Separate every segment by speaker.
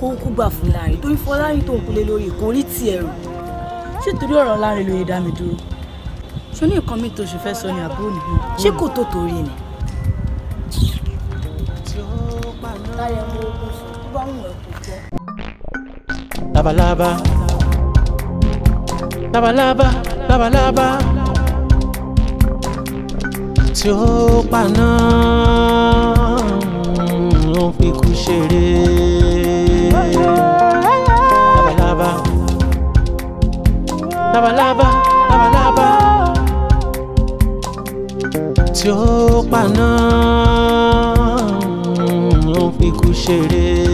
Speaker 1: kó kú gbà fún láàrin torí fọlárin tó ń kulé lórí kò rí tiẹ̀ rò ṣé torí ọ̀rọ̀ láàrin lóye dá mi dúró ṣé ní nǹkan mi tó ṣe fẹ́ sọ ni àbúrò nìyí ṣé kò tó torí ni. labalábá labalábá. Laba labalábá tí ó paná ló mm, ń fi kú ṣeré. labalábá labalábá labalábá tí ó paná ló mm, ń fi kú ṣeré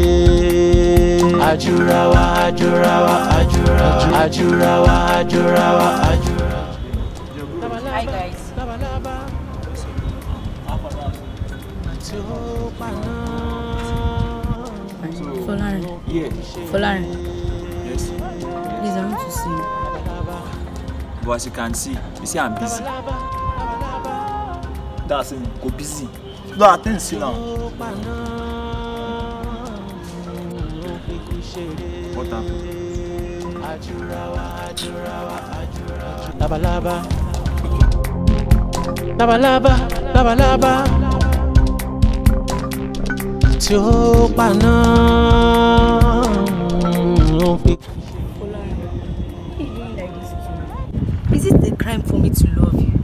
Speaker 1: ajurawa ajurawa ajurawa ajurawa ajurawa ajurawa. Hi guys. Folarin. Yeah. Folarin. Yes. Please, I want to see you. But as you can see, you see I'm busy. That's it. Go busy. No, I think so now. What happened? Labalaba. Labalaba, labalaba. Tí ó paná ló mm, ń Is it a crime for me to love you?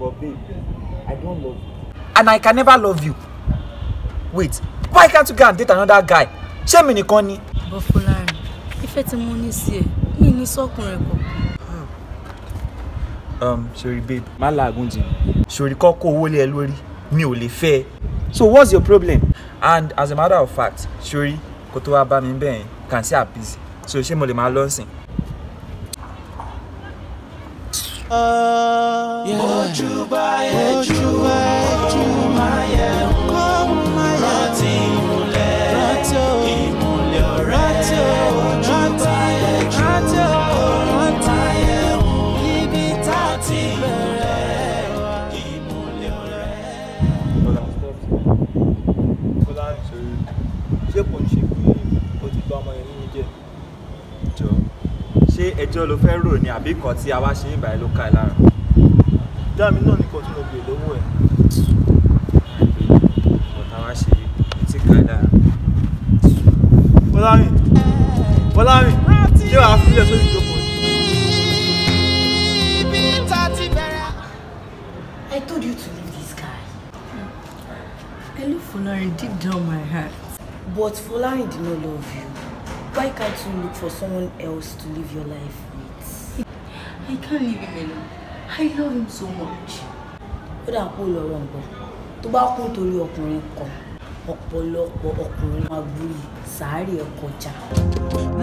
Speaker 1: But babe, I don't love you. And I can never love you. Wait, why can't you go and date another guy? ṣé mi nìkan ni. bọ́fúlárì ìfẹ́ tí mo ní sí ẹ mi ní sọ́kùnrin kọ̀ọ̀kan. Hmm. Um, sori babe má làágùn jìn sori kọ́ kó owó lé ẹ lórí mi ò lè fẹ́ ẹ so what's your problem and as a matter of fact sori kó tó wá bá mi bẹ́ẹ̀ kàn sí àbísí so ṣé mo lè máa lọ́sìn. ojúbà ojúbà. ẹjọ́ ló fẹ́ rò ní àbí nǹkan tí a wá ṣe ń báyìí ló ká ẹ lára. dáàmì náà nìkan tí mo gbè lọ́wọ́ ẹ̀. ọ̀tá wa ṣe ti ká ẹ lára. bọ́lárin bọ́lárin ṣé wàá fílẹ̀ sórí ìjókòó. I told you to leave this guy. Hmm. I love Fulani deep down my heart. But Fulani did not love you. Why can't you look for someone else to live your life with? I can't leave him alone. I love him so much. Ó dà kó lọ́rọ̀ nǹkan. Tó bá kún torí ọkùnrin kan, ọ̀pọ̀lọpọ̀ ọkùnrin máa gbúrì sàárè ẹ̀ kọjá.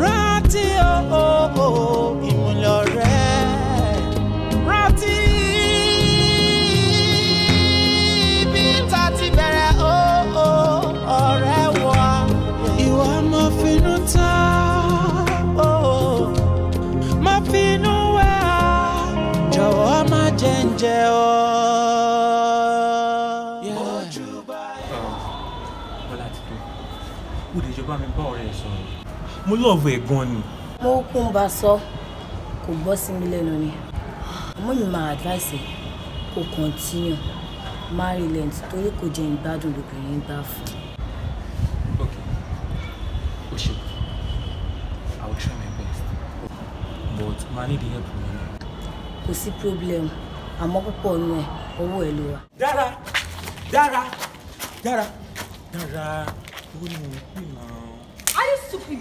Speaker 1: Rántí o, o, o, ó lè mi bá ọ̀rẹ́ ẹ̀ mo lọ́ọ̀bù ẹ̀ gan ni. mo kún bá sọ kò gbọ́ sí mi lẹ́nu ni àmọ́ mi máa advice kò continue maryland torí kò jẹ́ ìgbádùn lóbìnrin gbà fún. but ma need the help mi. kò sí problem àmọ́ púpọ̀ nù ẹ̀ owó ẹ̀ ló wà. dára dára dára dára owó ni mo náà. are you stupid?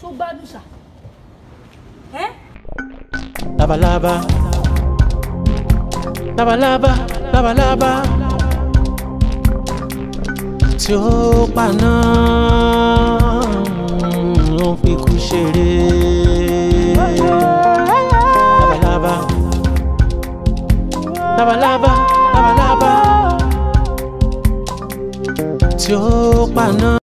Speaker 1: ṣó gbádùn ṣá. labalábá labalábá labalábá tí ó paná ló ń fi kú ṣeré. labalábá labalábá labalábá. I know.